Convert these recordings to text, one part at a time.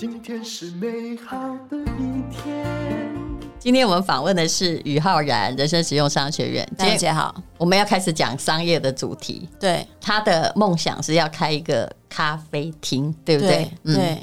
今天是美好的一天。今天我們訪問的是余皓然，人生實用商學院。大家好，我們要開始講商業的主題。對，他的夢想是要開一個咖啡廳，對不對？對。對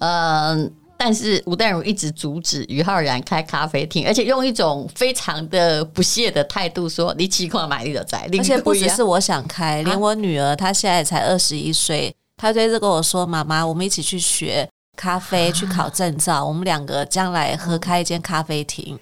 嗯、呃，但是吳淡如一直阻止余皓然開咖啡廳，而且用一種非常的不屑的態度說：“你幾塊買的債，而且不只是我想開，啊、連我女兒，她現在才二十一歲，她最近跟我說：‘媽媽，我們一起去學。’咖啡去考證照，啊、我們兩個將來合開一間咖啡廳。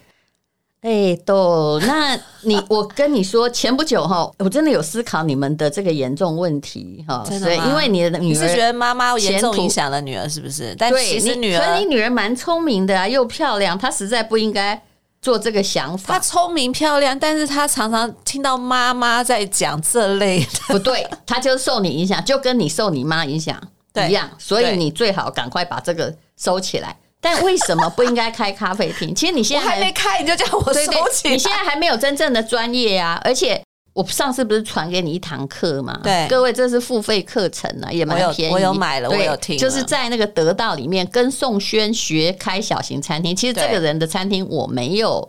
哎、嗯，豆、欸，那你 我跟你說，前不久哈，我真的有思考你們的這個嚴重問題哈，真的，因為你的女兒你是覺得媽媽嚴重影響了女兒，是不是？但其實女兒，所以你女兒蠻聰明的啊，又漂亮，她實在不應該做這個想法。她聰明漂亮，但是她常常聽到媽媽在講這類的，不對，她就受你影響，就跟你受你媽影響。對一樣，所以你最好趕快把這個收起來。對但為什麼不應該開咖啡廳？ 其實你現在還沒開，你就叫我收起。你現在還沒有真正的專業啊！而且我上次不是傳給你一堂課嗎？對，各位這是付費課程啊，也蠻便宜，我有，我有買了，對我有聽。就是在那個得到裡面跟宋軒學開小型餐廳。其實這個人的餐廳我沒有，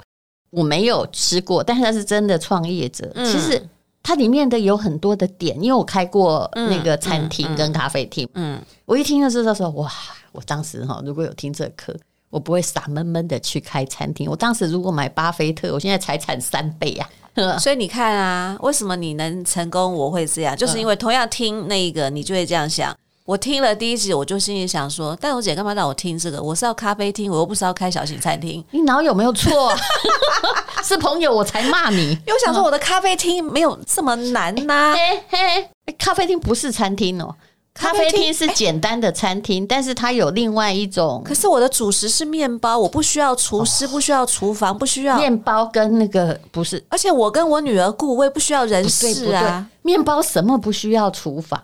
對我沒有吃過，但是他是真的創業者。嗯、其實。它裡面的有很多的點，因為我開過那個餐廳跟咖啡廳，嗯，嗯，嗯，我一聽就是他說哇，我當時哈如果有聽這課，我不會傻悶悶的去開餐廳。我當時如果買巴菲特，我現在財產三倍呀，啊。所以你看啊，為什麼你能成功？我會這樣，就是因為同樣聽那一個，你就會這樣想。嗯我聽了第一集，我就心裡想說：“淡如姐幹嘛讓我聽這個？我是要咖啡廳，我又不是要開小型餐廳。你腦有沒有錯、啊？ 是朋友我才罵你。又想說我的咖啡廳沒有這麼難吶、啊欸欸欸。咖啡廳不是餐廳哦，咖啡廳是簡單的餐廳，但是它有另外一種。可是我的主食是麵包，我不需要廚師，不需要廚房，不需要麵包跟那個不是。而且我跟我女兒顧，我也不需要人事啊。麵包什麼不需要廚房？”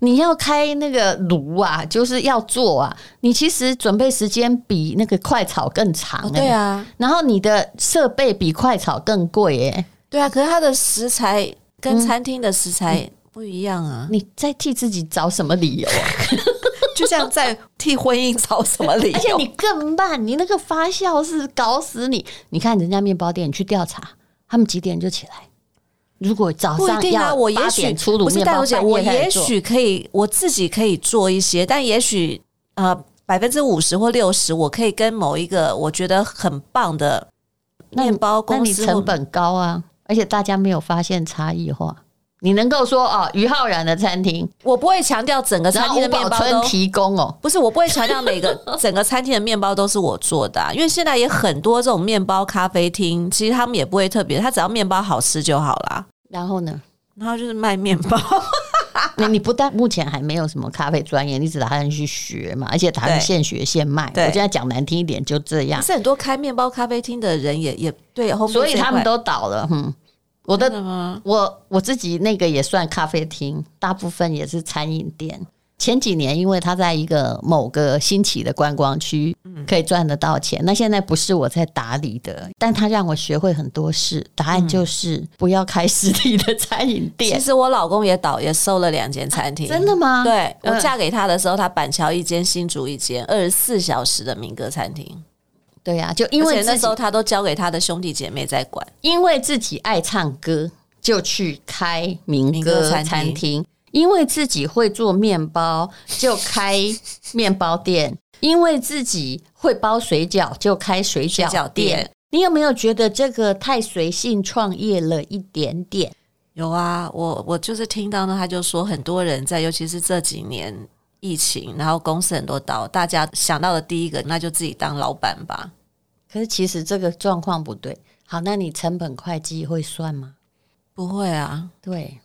你要開那個爐啊，就是要做啊。你其實準備時間比那個快炒更長，欸。哦、對啊。然後你的設備比快炒更貴，欸。哎，對啊。可是它的食材跟餐廳的食材不一樣啊，嗯你。你在替自己找什麼理由，啊？ 就像在替婚姻找什麼理由？ 而且你更慢，你那個發酵是搞死你。你看人家麵包店，你去調查，他們幾點就起來？如果早上要八點出爐麵包，不一定啊，我也許可以，我自己可以做一些，但也許呃百分之五十或六十，我可以跟某一個我覺得很棒的麵包公司，那那你成本高啊，而且大家沒有發現差異化。你能夠說哦，余皓然的餐廳，我不會強調整個餐廳的面包都提供哦，不是，我不會強調每個 整個餐廳的面包都是我做的。啊，因為現在也很多這種麵包咖啡廳，其實他們也不會特別，他只要面包好吃就好啦。然後呢？然後就是賣麵包。那 你，你不但目前還沒有什麼咖啡專業，你只打算去學嘛？而且打算現學現賣。對我現在講難聽一點，就這樣。對是很多開面包咖啡廳的人也也對，所以他們都倒了，哼、嗯。我的，真的嗎？我我自己那個也算咖啡廳，大部分也是餐飲店。前幾年，因為它在一個某個興起的觀光區，可以賺得到錢。嗯、那現在不是我在打理的，但他讓我學會很多事。答案就是不要開實體的餐飲店，嗯。其實我老公也倒也收了兩間餐廳，啊、真的嗎？對、嗯、我嫁給他的時候，他板橋一間，新竹一間，二十四小時的民歌餐廳。對呀、啊，就因為那時候他都交給他的兄弟姐妹在管。因為自己愛唱歌，就去開民歌餐廳；餐廳，因為自己會做麵包，就開麵包店； 因為自己會包水餃，就開水餃店。餃店，你有沒有覺得這個太隨性創業了一點點？有啊，我我就是聽到呢，他就說很多人在，尤其是這幾年疫情，然後公司很多倒，大家想到的第一個，那就自己當老闆吧。但是其實這個狀況不對。好，那你成本會計會算嗎？不會啊。對，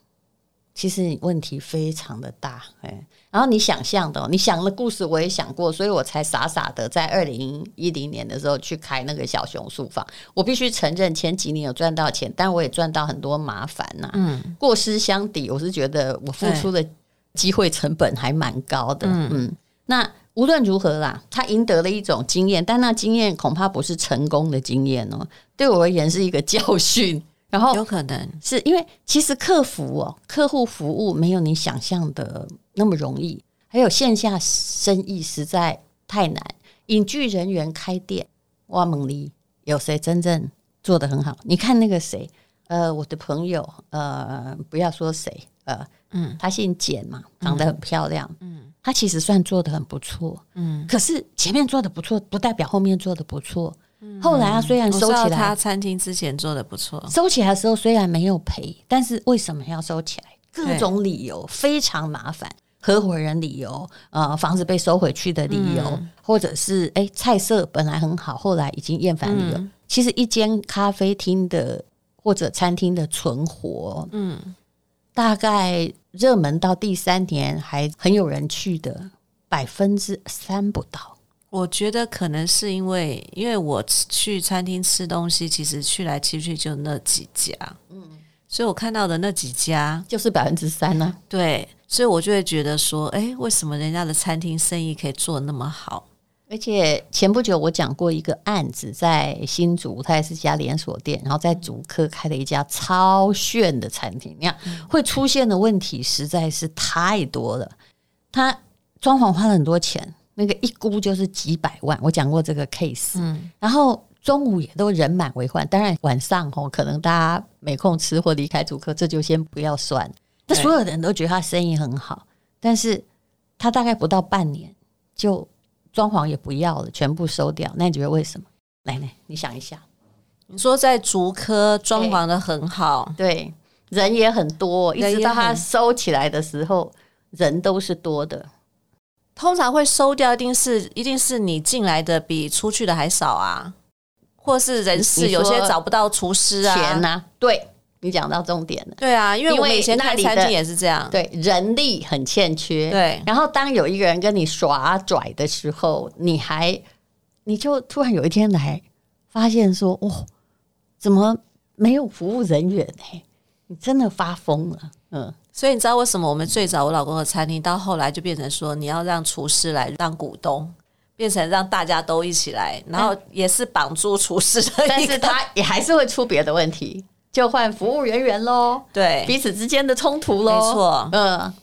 其實問題非常的大。哎，然後你想象的、哦，你想的故事我也想過，所以我才傻傻的在二零一零年的時候去開那個小熊書房。我必須承認，前幾年有賺到錢，但我也賺到很多麻煩吶、啊。嗯，過失相抵，我是覺得我付出的機會成本還蠻高的。嗯，嗯，那。無論如何啦，他贏得了一種經驗，但那經驗恐怕不是成功的經驗哦。對我而言是一個教訓。然後有可能是因為其實客服哦，客戶服務沒有你想象的那麼容易，還有線下生意實在太難。影劇人員開店挖猛力，有誰真正做得很好？你看那個誰，呃，我的朋友，呃，不要說誰。呃，嗯，他姓簡嘛，長得很漂亮，嗯，他其實算做的很不錯，嗯，可是前面做的不錯，不代表後面做的不錯。嗯、後來他、啊、雖然收起來，他餐廳之前做的不錯，收起來的時候雖然沒有賠，但是為什麼要收起來？各種理由非常麻煩，嘿合夥人理由，呃，房子被收回去的理由，嗯、或者是哎，菜色本來很好，後來已經厭煩了。嗯、其實一間咖啡廳的或者餐廳的存活，嗯。大概熱門到第三年還很有人去的百分之三不到，我覺得可能是因為因為我去餐廳吃東西，其實去來去去就那幾家，嗯，所以我看到的那幾家就是百分之三呢。啊、對，所以我就會覺得說，哎、欸，為什麼人家的餐廳生意可以做得那麼好？而且前不久我講過一個案子，在新竹，它也是家連鎖店，然後在竹科開了一家超炫的餐廳。你看會出現的問題實在是太多了。他裝潢花了很多錢，那個一估就是幾百萬。我講過這個 case，嗯，然後中午也都人滿為患，當然晚上哦可能大家沒空吃或離開竹科，這就先不要算。那所有的人都覺得他生意很好，對但是他大概不到半年就。裝潢也不要了，全部收掉。那你覺得為什麼？來來，你想一下。你說在竹科裝潢得很好，欸、對，人也很多，一直到它收起來的時候，人，人都是多的。通常會收掉，一定是一定是你進來的比出去的還少啊，或是人事，有些找不到廚師啊，錢啊，對。你講到重點了，對啊，因為我以前開餐廳也是這樣，對，人力很欠缺，對。然後當有一個人跟你耍拽的時候，你還你就突然有一天來發現說，哦，怎麼沒有服務人員、欸、你真的發瘋了，嗯。所以你知道為什麼我們最早我老公的餐廳到後來就變成說，你要讓廚師來當股東，變成讓大家都一起來，然後也是綁住廚師的、欸，但是他也還是會出別的問題。就換服務人員嘍，對、嗯，彼此之間的衝突嘍，沒錯，嗯、呃，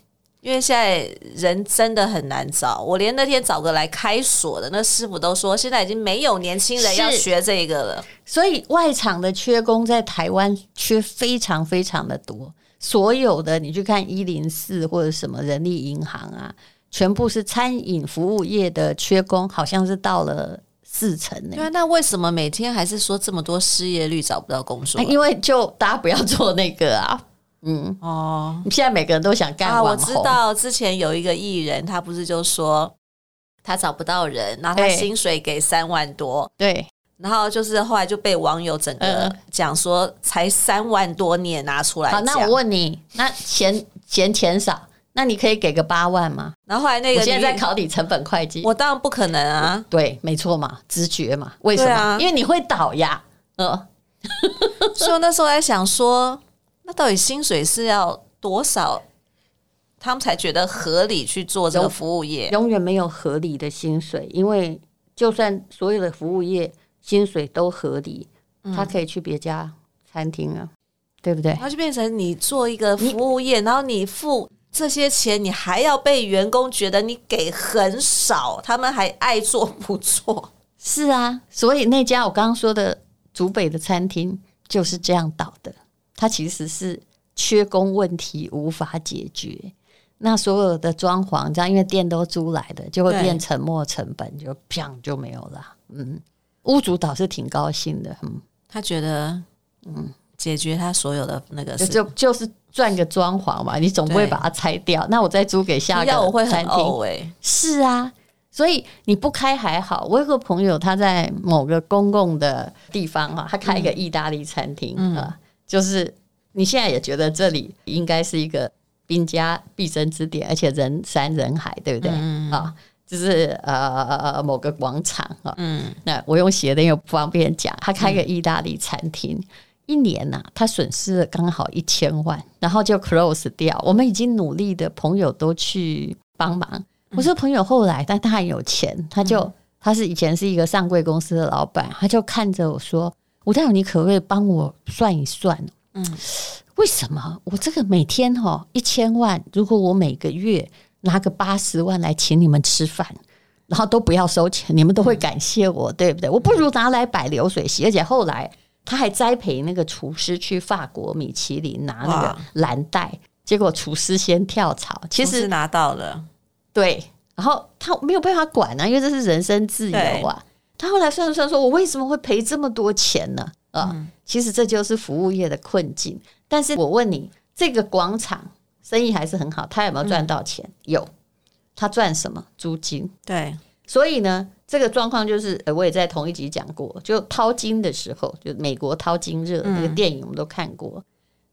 因為現在人真的很難找，我連那天找個來開鎖的那師傅都說，現在已經沒有年輕人要學這個了，所以外場的缺工在台灣缺非常非常的多，所有的你去看一零四或者什麼人力銀行啊，全部是餐飲服務業的缺工，好像是到了。自成呢、欸？對，那為什麼每天還是說這麼多失業率找不到工作，啊？因為就大家不要做那個啊，嗯哦，你現在每個人都想幹網紅，啊、我知道之前有一個藝人，他不是就說他找不到人，然後他薪水給三萬多，對，然後就是後來就被網友整個講說才三萬多你也拿出來，嗯好。那我問你，那嫌嫌錢，錢少？那你可以給個八萬嗎？然後後來那個，我現在在考你成本會計，我當然不可能啊。對，沒錯嘛，直覺嘛。為什麼？啊、因為你會倒呀。呃、哦， 所以我那時候還想說，那到底薪水是要多少他們才覺得合理去做這個服務業？永，永遠沒有合理的薪水，因為就算所有的服務業薪水都合理，嗯、他可以去別家餐廳啊，嗯、對不對？他就變成你做一個服務業，你然後你付。這些錢你還要被員工覺得你給很少，他們還愛做不做？是啊，所以那家我剛剛說的竹北的餐廳就是這樣倒的，它其實是缺工問題無法解決，那所有的裝潢這樣，因為店都租來的，就會變沉沒成本，就砰就沒有了。嗯，屋主倒是挺高興的，嗯，他覺得嗯。解決他所有的那個事就，就就是賺個裝潢嘛，你總不會把它拆掉。對那我再租給下一個餐廳，哎、欸，是啊，所以你不開還好。我有個朋友，他在某個公共的地方哈，他開一個意大利餐廳啊、嗯嗯呃，就是你現在也覺得這裡應該是一個兵家必爭之點，而且人山人海，對不對？啊、嗯呃，就是呃呃某個廣場啊，呃、嗯，那我用寫的又不方便講，他開個意大利餐廳。嗯一年吶、啊，他損失了剛好一千萬，然後就 close 掉。我們已經努力的朋友都去幫忙。嗯、我說朋友後來，但他很有錢，他就、嗯、他是以前是一個上櫃公司的老闆，他就看着我說：“吳大授，你可不可以幫我算一算？嗯，為什麼我這個每天哈、喔、一千萬，如果我每個月拿個八十萬來請你們吃飯，然後都不要收錢，你們都會感謝我，嗯、對不對？我不如拿來擺流水席。而且後來。”他還栽培那個廚師去法國米其林拿那個藍帶，哇結果廚師先跳槽。其實，其實拿到了，對。然後他沒有辦法管啊，因為這是人身自由啊。對他後來算算說，說我為什麼會賠這麼多錢呢？啊，嗯、其實這就是服務業的困境。但是我問你，這個廣場生意還是很好，他有沒有賺到錢？嗯、有，他賺什麼？租金。對。所以呢，這個狀況就是，呃，我也在同一集講過，就淘金的時候，就美國淘金熱那個電影我們都看過。嗯、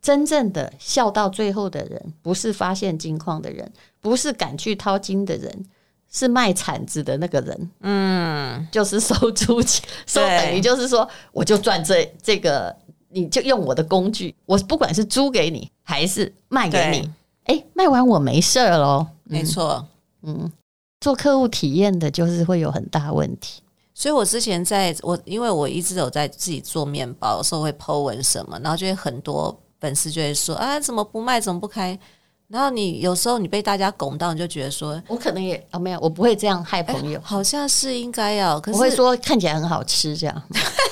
真正的笑到最後的人，不是發現金礦的人，不是敢去淘金的人，是賣鏟子的那個人。嗯，就是收租金，對收等於就是說，我就賺這這個，你就用我的工具，我不管是租給你還是賣給你，哎對、欸，賣完我沒事兒嘍。沒錯，嗯。錯做客戶體驗的，就是會有很大問題。所以，我之前在我因為我一直有在自己做麵包，有時候會 Po 文什麼，然後就會很多粉絲就會說：“啊，怎麼不賣，怎麼不開？”然後你有時候你被大家拱到，你就覺得說：“我可能也……啊、哦，沒有，我不會這樣害朋友。欸”好像是應該要，可是我會說看起來很好吃這樣。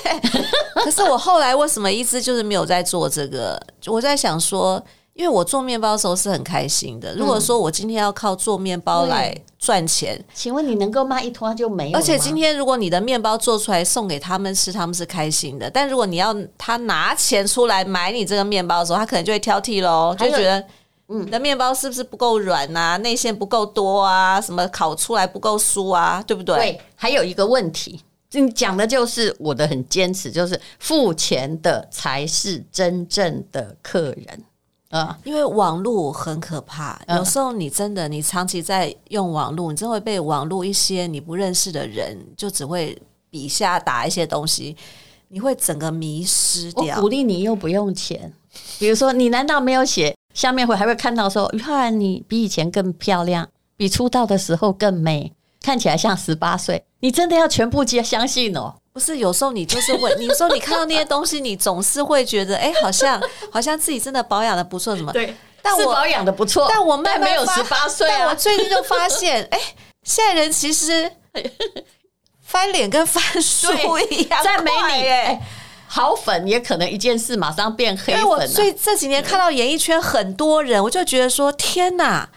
可是我後來為什麼一直就是沒有在做這個？我在想說。因為我做麵包的時候是很開心的。如果說我今天要靠做麵包來賺錢，嗯嗯，請問你能夠賣一坨就沒有了？而且今天如果你的麵包做出來送給他們吃，他們是開心的。但如果你要他拿錢出來買你這個麵包的時候，他可能就會挑剔嘍，還有就會覺得嗯，你的麵包是不是不夠軟啊，內餡、嗯、不夠多啊，什麼烤出來不夠酥啊，對不對？對，還有一個問題，你講的就是我的很堅持，就是付錢的才是真正的客人。因為網絡很可怕，嗯、有時候你真的，你長期在用網絡，你真會被網絡一些你不認識的人就只會底下打一些東西，你會整個迷失掉。我鼓勵你又不用錢，比如說你難道沒有寫下面會還會看到說，你、啊、看你比以前更漂亮，比出道的時候更美，看起來像十八歲，你真的要全部接相信哦、喔。不是，有時候你就是問你說你看到那些東西， 你總是會覺得，哎、欸，好像好像自己真的保養的不錯，什麼？對，但我是保養的不錯，但我慢慢沒有十八歲啊。但我最近就發現，哎、欸，現在人其實翻臉跟翻書一樣、欸，在美女哎，好粉也可能一件事馬上變黑粉、啊。但我所以這幾年看到演藝圈很多人，嗯、我就覺得說，天哪，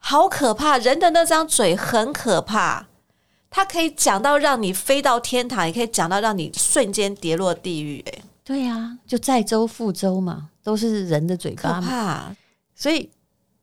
好可怕！人的那張嘴很可怕。他可以講到讓你飛到天堂，也可以講到讓你瞬間跌落地獄、欸。哎，對呀、啊，就載舟覆舟嘛，都是人的嘴巴嘛，嘛。所以，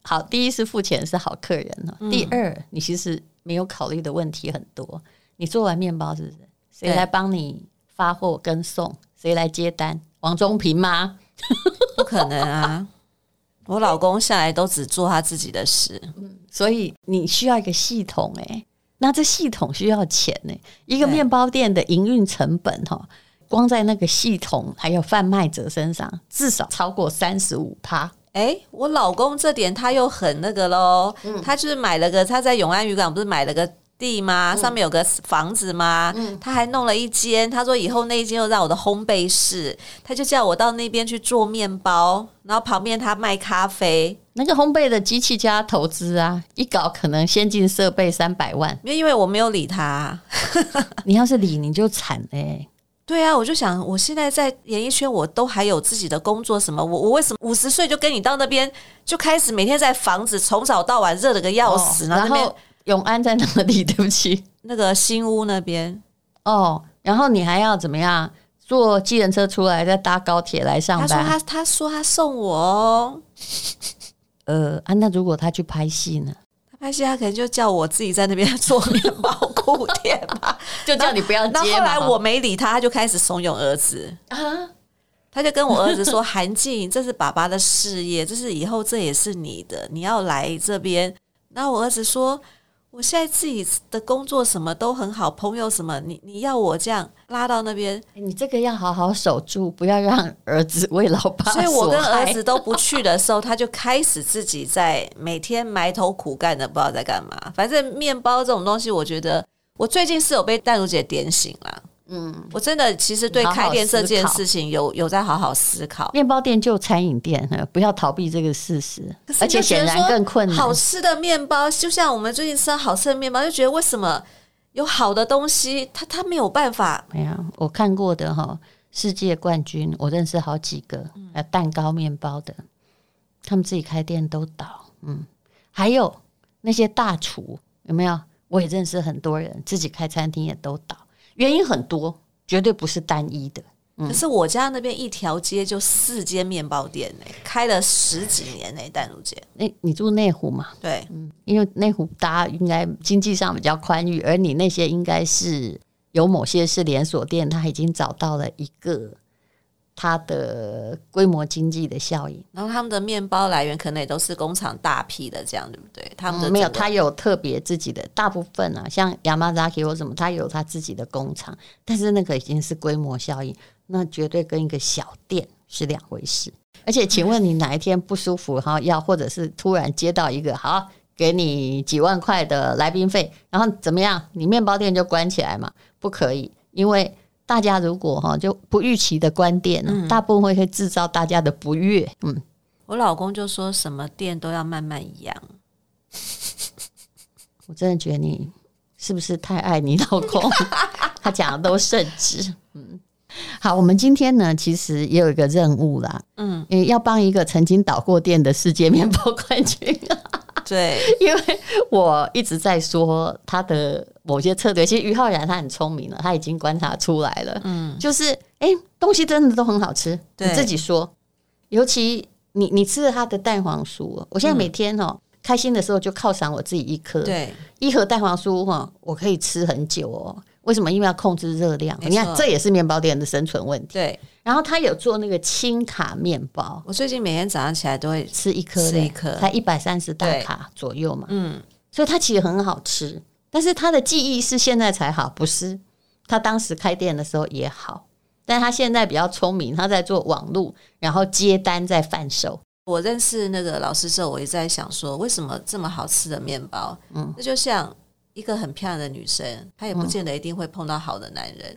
好，第一是付錢是好客人、嗯、第二你其實沒有考慮的問題很多。你做完面包是不是？誰對來幫你發貨跟送？誰來接單？王中平嗎？ 不可能啊！ 我老公下來都只做他自己的事，對所以你需要一個系統、欸，哎。那這系統需要錢呢、欸？一個麵包店的營運成本、喔，哈對，光在那個系統還有販賣者身上，至少超過三十五趴。哎、欸，我老公這點他又很那個嘍，嗯、他就是買了個，他在永安漁港不是買了個。地嗎？上面有個房子嗎？嗯、他還弄了一間，他說以後那一間又在我的烘焙室，他就叫我到那邊去做麵包，然後旁邊他賣咖啡。那個烘焙的機器加投資啊，一搞可能先進設備三百萬。因為因為我沒有理他， 你要是理你就慘哎、欸。對啊，我就想我現在在演藝圈，我都還有自己的工作，什麼我我為什麼五十歲就跟你到那邊就開始每天在房子從早到晚熱了個要死，哦、然後。然後永安在哪裡？對不起，那個新屋那邊哦。然後你還要怎麼樣？坐計程車，出來，再搭高鐵來上班。他說他他說他送我哦。呃啊，那如果他去拍戲呢？他拍戲，他可能就叫我自己在那邊做面包鋪店吧。 就叫 後你不要接。那後，後來我沒理他，他就開始慫恿兒子啊。他就跟我兒子說：“韓靜， 這是爸爸的事業，這是以後這也是你的，你要來這邊。”那我兒子說。我現在自己的工作什麼都很好，朋友什麼，你你要我這樣拉到那邊，你這個要好好守住，不要讓兒子為老爸。所以我跟兒子都不去的時候， 他就開始自己在每天埋頭苦幹的，不知道在幹嘛。反正面包這種東西，我覺得我最近是有被淡如姐點醒啦。嗯，我真的其實對開店這件事情有好好有，有在好好思考。麵包店就餐飲店，不要逃避這個事實，而且顯然更困難。嗯、好吃的面包，就像我們最近吃到好吃的面包，就覺得為什麼有好的東西，他他沒有辦法。沒有，我看過的哈、哦，世界冠軍，我認識好幾個呃，蛋糕、麵包的，他們自己開店都倒。嗯，還有那些大廚，有沒有？我也認識很多人，自己開餐廳也都倒。原因很多，絕對不是單一的。嗯、可是我家那邊一條街就四間麵包店呢、欸，開了十幾年呢、欸，淡如姐。那、欸、你住內湖嘛？對，嗯，因為內湖大家應該經濟上比較寬裕，而你那些應該是有某些是連鎖店，他已經找到了一個。它的規模經濟的效應，然後他們的面包來源可能也都是工廠大批的這樣，對不對？他們的、嗯、沒有，他有特別自己的大部分啊，像 Yamazaki 或什麼，他有他自己的工廠，但是那個已經是規模效應，那絕對跟一個小店是兩回事。而且，請問你哪一天不舒服哈， 要或者是突然接到一個好給你幾萬塊的來賓費，然後怎麼樣？你面包店就關起來嘛？不可以，因為。大家如果哈就不預期的關店呢，嗯、大部分會製造大家的不悅。嗯，我老公就說什麼店都要慢慢養，我真的覺得你是不是太愛你老公？ 他講的都聖旨。嗯，好，我們今天呢，其實也有一個任務啦。嗯，要幫一個曾經倒過店的世界面包冠軍、啊。對，因為我一直在說他的某些策略，其實余皓然他很聰明了，啊，他已經觀察出來了。嗯，就是哎，欸，東西真的都很好吃，對你自己說。尤其你你吃了他的蛋黃酥，我現在每天哦，喔，嗯，開心的時候就犒賞我自己一顆，對，一盒蛋黃酥哈，我可以吃很久哦，喔。為什麼？因為要控制熱量。錯你看，這也是麵包店的生存問題。對，然後他有做那個輕卡麵包，我最近每天早上起來都會吃一顆，一顆才一百三十大卡對左右嘛。嗯，所以它其實很好吃，但是他的技藝是現在才好，不是他當時開店的時候也好，但他現在比較聰明，他在做網路，然後接單在販售。我認識那個老師之後，我一直在想說，為什麼這麼好吃的麵包？嗯，這就像。一個很漂亮的女生，她也不見得一定會碰到好的男人，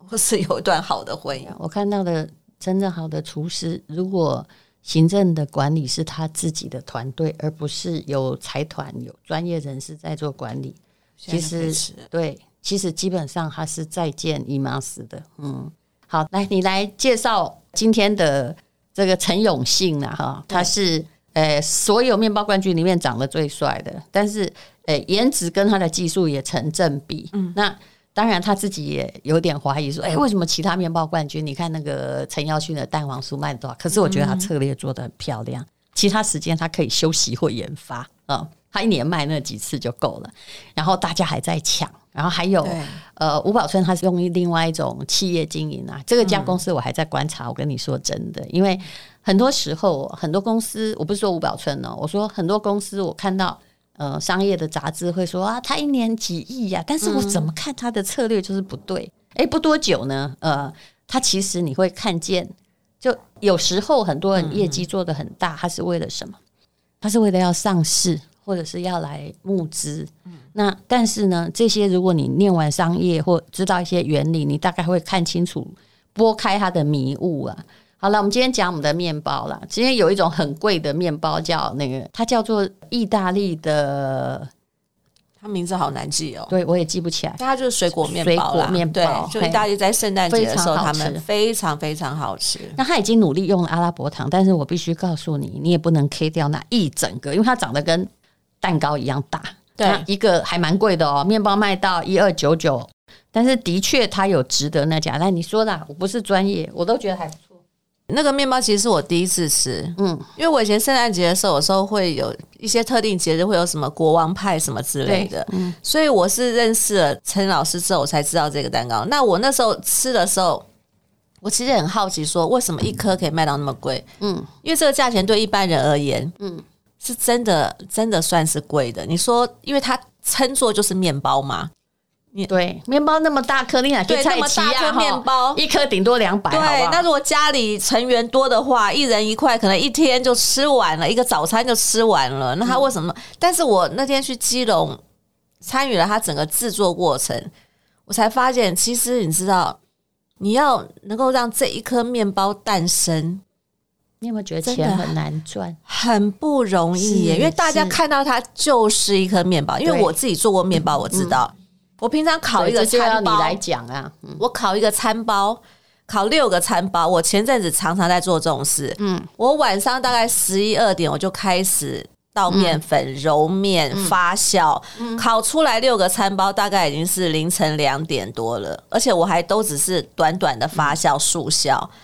嗯、或是有一段好的婚姻。我看到的真正好的廚師，如果行政的管理是他自己的團隊，而不是有財團，有專業人士在做管理，其實對，其實基本上他是再見姨媽死的。嗯，好，來，你來介紹今天的這個陳永信了、啊、哈，他對是。誒、欸，所有麵包冠軍裡面長得最帥的，但是誒，顏、欸、值跟他的技術也成正比。嗯，那當然他自己也有點懷疑說，哎、欸，為什麼其他麵包冠軍？你看那個陳耀訓的蛋黃酥賣的多好，可是我覺得他策略做得很漂亮。嗯嗯其他時間他可以休息或研發，嗯、呃，他一年賣那幾次就夠了。然後大家還在搶，然後還有對呃，吳寶春他是用於另外一種企業經營啊。這個家公司我還在觀察。嗯、我跟你說真的，因為很多時候很多公司，我不是說吳寶春哦，我說很多公司，我看到呃商業的雜誌會說啊，他一年幾億呀、啊，但是我怎麼看他的策略就是不對。哎、嗯欸，不多久呢，呃，他其實你會看見。就有時候很多人業績做得很大，他、嗯、是為了什麼？他是為了要上市，或者是要來募資。那但是呢，這些如果你念完商業或知道一些原理，你大概會看清楚，撥開它的迷霧啊。好了，我們今天講我們的面包啦，今天有一種很貴的麵包叫那個，它叫做意大利的。他名字好難記哦，對，對我也記不起來。他就是水果麵包啦，水果麵包對，嘿就大家在聖誕節的時候，他們非常非常好吃。那他已經努力用了阿拉伯糖，但是我必須告訴你，你也不能 K 掉那一整個，因為它長得跟蛋糕一樣大。對，一個還蠻貴的哦，麵包賣到一二九九，但是的確它有值得那家。來，你說啦，我不是專業，我都覺得還不錯。那個麵包其實是我第一次吃，嗯，因為我以前聖誕節的時候，有時候會有一些特定節日會有什麼國王派什麼之類的，嗯，所以我是認識了陳老師之後，我才知道這個蛋糕。那我那時候吃的時候，我其實很好奇，說為什麼一顆可以賣到那麼貴？嗯，因為這個價錢對一般人而言，嗯，是真的真的算是貴的。你說，因為它稱作就是麵包嘛。你對，麵包那麼大顆，你哪去切？那麼大顆麵包，一顆頂多兩百。對，好好，那如果家裡成員多的話，一人一塊，可能一天就吃完了，一個早餐就吃完了。那他為什麼？嗯、但是我那天去基隆，參與了他整個制作過程，我才發現，其實你知道，你要能夠讓這一顆麵包誕生，你有沒有覺得錢的很難賺，很不容易耶？因為大家看到它就是一顆麵包，因為我自己做過麵包，我知道。我平常烤一個餐包，就要你來講啊！嗯、我烤一個餐包，烤六個餐包。我前陣子常常在做這種事。嗯，我晚上大概十一二點，我就開始倒麵粉、揉麵、發酵，嗯、烤出來六個餐包，大概已經是凌晨兩點多了。而且我還都只是短短的發酵、速效、嗯。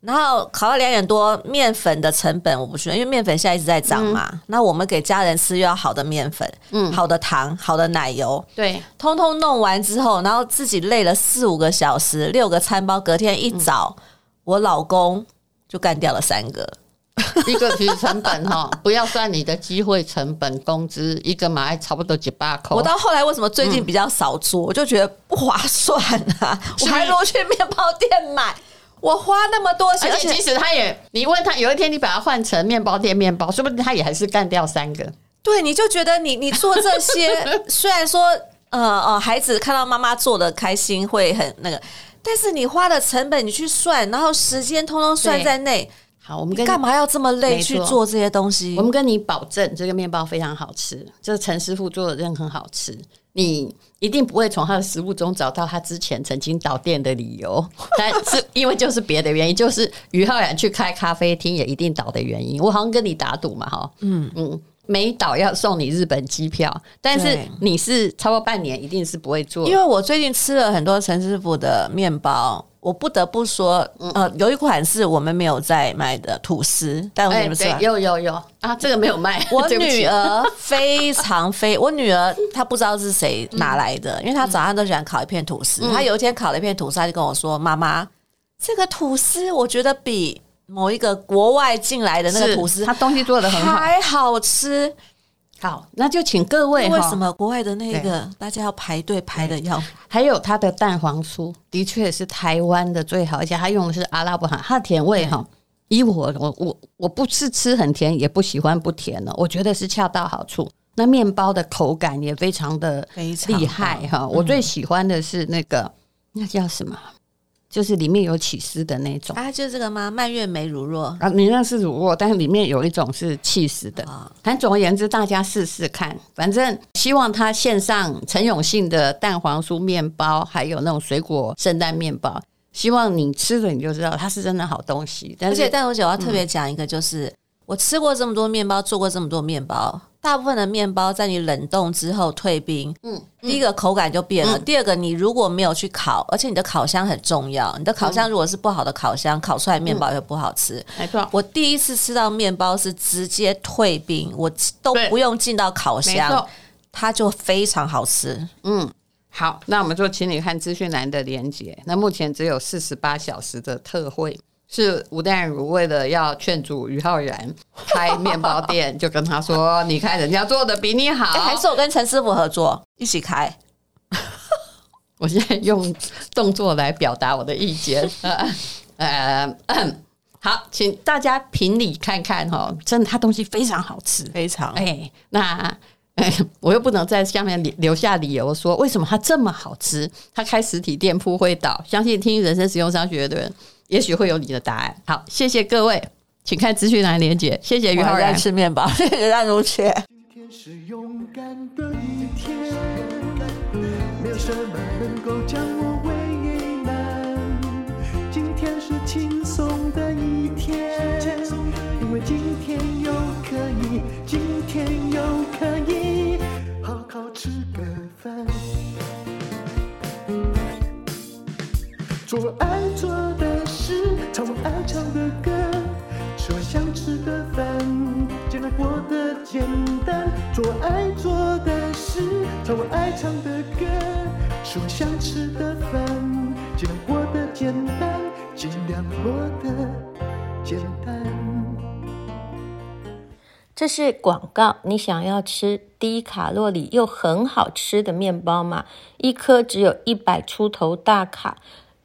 然後烤到兩點多。麵粉的成本我不需要，因為麵粉現在一直在漲嘛。嗯、那我們給家人吃又要好的麵粉，嗯，好的糖，好的奶油，對，通通弄完之後，然後自己累了四五個小時，六個餐包，隔天一早，嗯、我老公就幹掉了三個，一個其實成本哈、哦， 不要算你的機會成本工資，一個買差不多一百塊。我到後來為什麼最近比較少做？嗯、我就覺得不划算啊，以我還不如去麵包店買。我花那麼多錢，而且即使他也，你問他有一天你把它換成麵包店面包，說不定他也還是幹掉三個。對，你就覺得你你做這些， 雖然說呃哦、呃，孩子看到媽媽做的開心會很那個，但是你花的成本你去算，然後時間通通算在內。好，我們干嘛要這麼累去做這些東西？我們跟你保證，這個麵包非常好吃，這個陳師傅做的真的很好吃。你。一定不會從他的食物中找到他之前曾經倒店的理由，但是因為就是別的原因， 就是余皓然去開咖啡廳也一定倒的原因。我好像跟你打賭嘛，哈，嗯嗯，沒倒、嗯、要送你日本機票，但是你是超過半年一定是不會做的，對因為我最近吃了很多陳師傅的麵包。我不得不說，呃，有一款是我們沒有在賣的吐司，帶回去吃、欸。有有有啊，這個沒有賣。我女兒非常非， 我女兒她不知道是誰拿來的，嗯、因為她早上都喜歡烤一片吐司。嗯、她有一天烤了一片吐司，她就跟我說：“媽媽，這個吐司我覺得比某一個國外進來的那個吐司，它東西做的很好，還好吃。”好，那就請各位。為什麼國外的那個對大家要排隊對排的要？還有它的蛋黃酥，的確是台灣的最好。而且它用的是阿拉伯糖，它的甜味哈，對以我我我我不是吃很甜，也不喜歡不甜的，我覺得是恰到好處。那麵包的口感也非常的非常厲害哈。我最喜歡的是那個，嗯、那叫什麼？就是裡面有起司的那種啊，就是這個嗎？蔓越莓乳酪啊，你那是乳酪，但是裡面有一種是起司的。但、哦、總而言之，大家試試看，反正希望他線上陳永信的蛋黃酥麵包，還有那種水果聖誕麵包，希望你吃了你就知道它是真的好東西。但而且蛋黃酒要、嗯、特別講一個，就是我吃過這麼多麵包，做過這麼多麵包。大部分的麵包在你冷凍之後退冰，嗯，嗯，第一個口感就變了。嗯、第二個，你如果沒有去烤，而且你的烤箱很重要，你的烤箱如果是不好的烤箱，嗯、烤出來麵包也不好吃。嗯、沒錯，我第一次吃到麵包是直接退冰，我都不用進到烤箱，它就非常好吃。嗯，好，那我們就請你看資訊欄的連結。那目前只有四十八小時的特惠。是吳淡如為了要勸阻余皓然開麵包店，就跟他說：“你看人家做的比你好，還是我跟陳師傅合作一起開。”我現在用動作來表達我的意見。呃、嗯嗯嗯，好，請大家評理看看、喔、真的，他東西非常好吃，非常哎、欸。那、欸、我又不能在下面留下理由說為什麼他這麼好吃，他開實體店鋪會倒。相信聽《人生實用商學院》的人，也許會有你的答案。好，謝謝各位，請看資訊欄連接。謝謝余皓然塞吃麵麵包，謝謝淡如姐。今天是勇敢的一天，天，的一天沒有什麼能夠將我為難。今天是輕鬆的一天，因為今天又可以，今天又可以，又可以好好吃個飯做、嗯、愛做的唱我愛唱的歌，吃我想吃的飯，儘量過得簡單，做我愛做的事。唱我愛唱的歌，吃我想吃的飯，儘量過得簡單，儘量過得簡單。這是廣告，你想要吃低卡路里又很好吃的麵包嗎？一顆只有一百出頭大卡。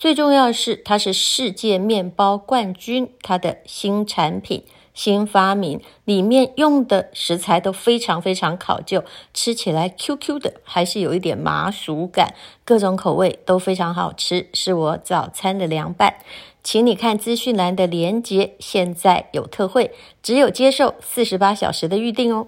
最重要的是，它是世界麵包冠軍，它的新產品、新發明裡面用的食材都非常非常考究，吃起來 QQ 的，還是有一點麻薯感，各種口味都非常好吃，是我早餐的良伴。請你看資訊欄的鏈接，現在有特惠，只有接受四十八小時的預定哦。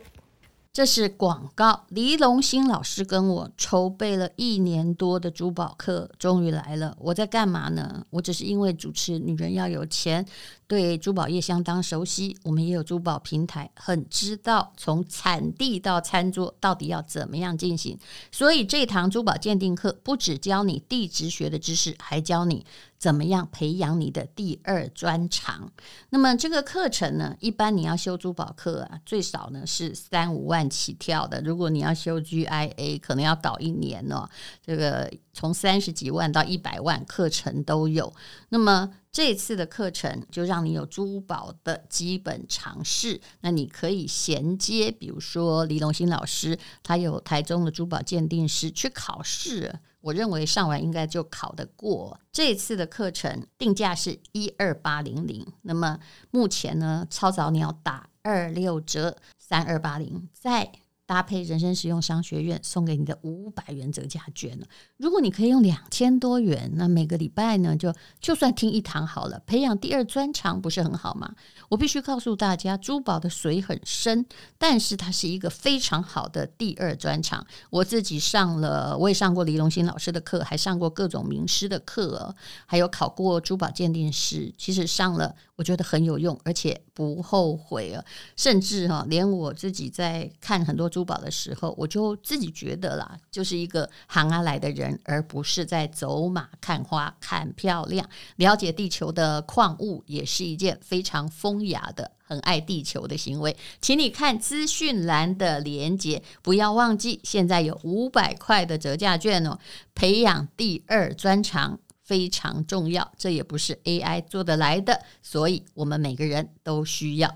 這是廣告。黎龍興老師跟我籌備了一年多的珠寶課，終於來了。我在幹嘛呢？我只是因為主持《女人要有錢》，對珠寶業相當熟悉。我們也有珠寶平台，很知道從產地到餐桌到底要怎麼樣進行。所以這堂珠寶鑑定課，不只教你地質學的知識，還教你。怎麼樣培養你的第二專長？那麼這個課程呢，一般你要修珠寶課啊，最少呢是三五萬起跳的。如果你要修 GIA，可能要搞一年呢、哦。這個從三十幾萬到一百萬，課程都有。那麼這次的課程就讓你有珠寶的基本常識，那你可以銜接，比如說李隆興老師，他有台中的珠寶鑑定師去考試。我認為上完應該就考得過。這次的課程，定價是一二八零零。那麼目前呢，超早鳥要打二六折，三二八零在，搭配人生實用商學院送給你的五百元折價券。如果你可以用兩千多元，那每個禮拜呢，就就算聽一堂好了。培養第二專長不是很好嗎？我必須告訴大家，珠寶的水很深，但是它是一個非常好的第二專長。我自己上了，我也上過李隆興老師的課，還上過各種名師的課，還有考過珠寶鑑定師。其實上了，我覺得很有用，而且。不後悔啊，甚至哈、啊，連我自己在看很多珠寶的時候，我就自己覺得啦，就是一個行啊來的人，而不是在走馬看花看漂亮。了解地球的礦物也是一件非常風雅的、很愛地球的行為。請你看資訊欄的鏈接，不要忘記，現在有五百塊的折價券哦。培養第二專長。非常重要，這也不是 AI 做得來的，所以我們每個人都需要。